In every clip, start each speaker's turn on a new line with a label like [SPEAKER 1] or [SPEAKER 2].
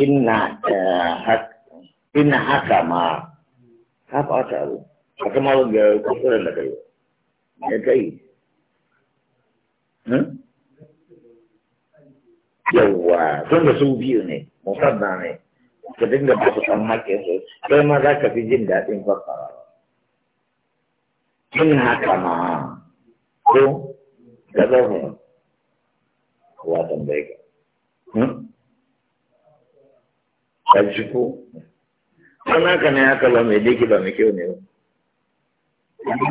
[SPEAKER 1] inna eh, inna haka ma ka fata abu haka ma ga kusurin hmm? ya kai yawwa tun da su biyu ne musamman ne ka dinga ba su san haƙƙin su sai ka fi jin daɗin fassara in haka ma ko ga ka ji ko sannan ka ne aka la mai dake ba mai kyau ne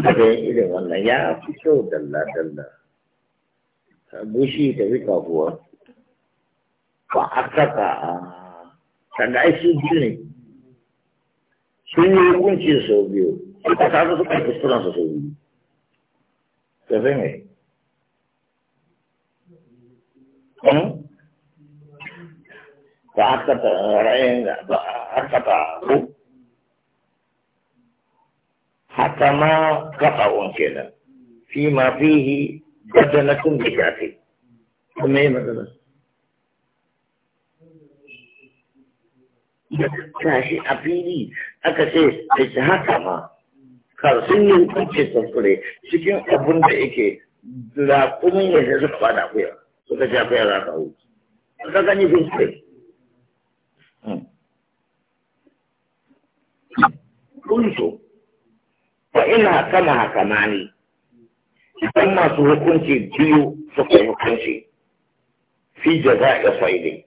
[SPEAKER 1] ba da irin wannan ya fi kyau dalla dalla bushi da fi kuwa ba a saka a kaga ai su biyu sun yi hukunci sau biyu suka tafi suka kuskuren su sau biyu ka zai mai ka aka ta rayin da aka ta ku haka ma kafa wanke nan fi na fihi badanatun bi shafi kuma yi magana da shi a fili aka ce da shi haka ma kar sun yi hukunci kuskure cikin abin da yake da kuma yadda suka bada akuya suka ce akuya za ka hukunci ka gani kuskure kuntu fa ina kama hakamani idan masu hukunci biyu suka yi hukunci fi jaza'i fa'idin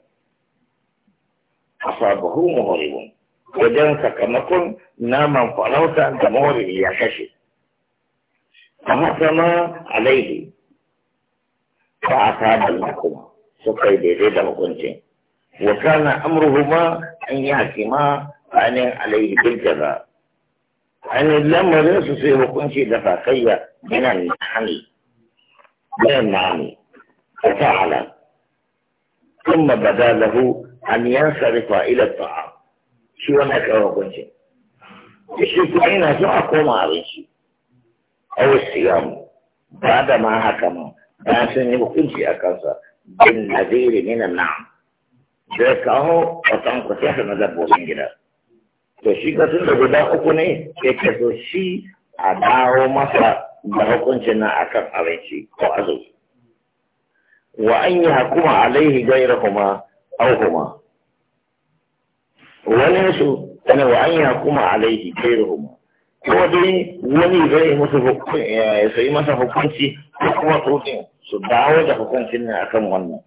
[SPEAKER 1] asabahu muharibun wajen sakamakon naman farauta da maharibi ya kashe a عليه فأصاب المحكوم suka yi daidai da hukuncin. وكان أمرهما أن يحكما أن عليه بالجزاء يعني لما يصير كنشي دفاقية من النعم من النعم ففعل ثم بدا له أن ينصرف إلى الطعام شو أنا كما كنشي الشيطانين سوى كما أبنشي أو الصيام بعد ما حكم بأن سنبقنشي أكاسا بالنذير من النعم da ya kawo watan ku sai na dabbobin gida to shi ka tun da guda uku ne sai ka so shi a dawo masa da hukuncin nan kan abinci ko azumi wa an yi hakuma alaihi gairahuma au huma wani su tana wa an yi hakuma alaihi gairahuma ko dai wani zai musu hukunci yi eh, masa hukunci ko kuma tsotsin su dawo da hukuncin nan kan wannan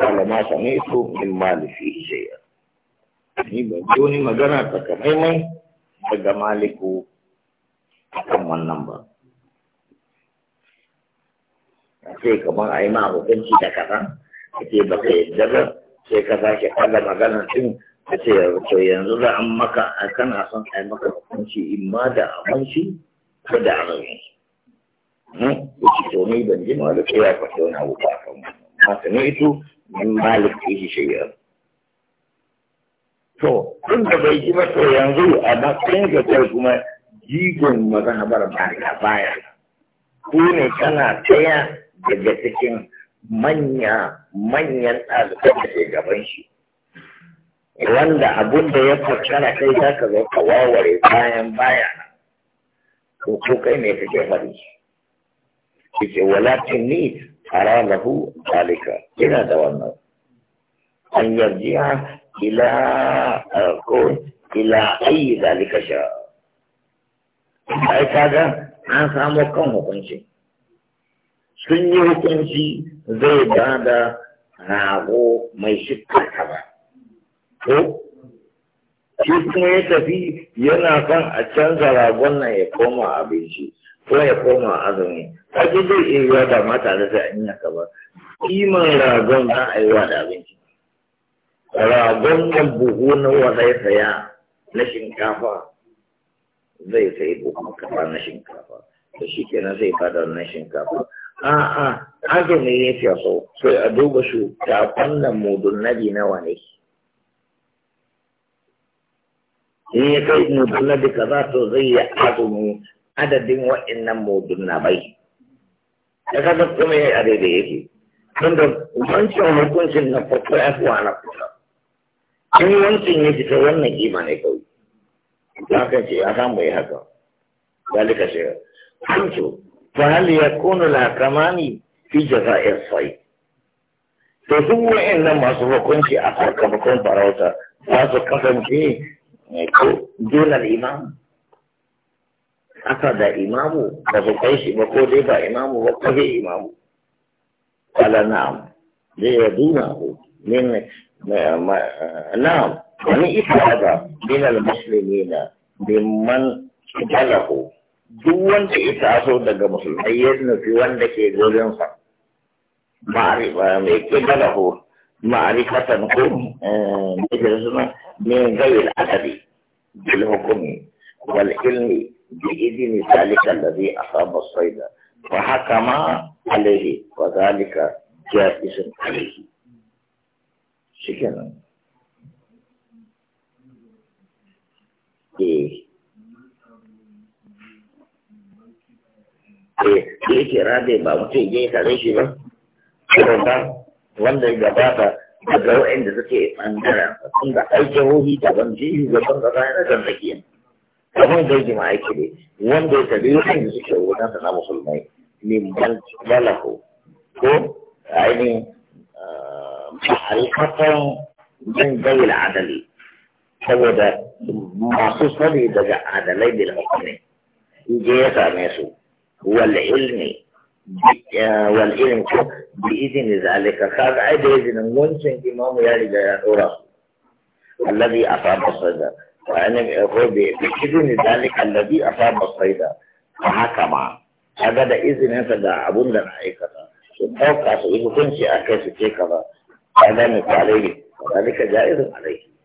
[SPEAKER 1] قال ما سمعت من مالك فيه شيئا ni ban ji wani magana takamaimai daga maliku a kan wannan ba a ce kamar a yi ma hukunci da kasan a ce ba ka yadda ba sai ka sake kalla magana tun a ce to yanzu za a maka a kana son a yi maka hukunci in ma da aminci ko da aminci. Wuce to ni ban ji maliku ya fashe wani abu ba a kan wannan. ما سمعت من مالك فيه So, to tun da bai ji ba yanzu a matsayin ka kai kuma habar mazhabar baya baya ku ne kana taya daga cikin manya manyan ɗaliban da ke gaban shi wanda abun da ya fakara kai za ka zo ka bayan baya ko kai ne kake faɗi kike ce ni lahu dalika yana da wannan an yarjiya ila ko ila ayi dalika sha ai kaga an samu kan hukunci sun yi hukunci zai ba da rago mai shikka ba. ko shi kuma ya tafi yana kan a canza ragon nan ya koma abinci ko ya koma azumi kaji zai iya yiwa ba da tare da yi yaka ba kiman ragon za a yi wa da abinci
[SPEAKER 2] ragon
[SPEAKER 1] na buhu na wadai saya na shinkafa zai sai buhu kafa na shinkafa to shi kenan zai fada na shinkafa a'a azumi ya fi so sai a duba shi ta fannin mudun nabi nawa ne in ya kai mudun nabi kaza to zai yi azumi adadin wa'annan bai da kasa kuma ya yi da yake da wancan hukuncin na farko ya fi na kusa yi wancan ya fita wannan kima ne kawai za ka ce a samu ya haka lika shi hancu ta hali ya la kamani fi jaza jaza'ir sai to wa'in nan masu hukunci a bakon farauta za su kasance eh, ko dole imam aka da imamu ba ku kai shi ba ko dai ba imamu ba dai imamu kala na'am da ya duna ku min na'am wani da min al man kala kibalahu duk wanda ya taso daga musulmai ya nufi wanda ke gurinsa ma'arifa mai kibalahu ma'arifatan ko ne da suna min gawil adadi bil hukumi wal ilmi idini zalika allazi asaba saida wa hakama alaihi wa zalika jaizun alayhi. shikenan eh E ke rabe ba mutum je kare shi ba ba wanda ya gabata daga waɗanda suke ɓangaren sun da aikin ruhi daban jihi gaban gaba da zan tsakiya abin da yake ma'aiki ne wanda ya tabi da suke wajen sana musulmai mimman balahu ko ainihin ma'arifatan ah, min gawil adali saboda masu sani daga adalai bil hukumi je ya same su wal ilmi ah, wal ilmi ko bi izini zalika kaga izinin wancan imamu ya riga ya dora su alladhi asaba wani gobe da izini dalika alladhi asaba saida a haka ma ga da izinin sa da abun da na aikata su ɗauka su yi hukunci kai su ce Ba
[SPEAKER 2] kaga misalai
[SPEAKER 1] ne ja irin alaiki.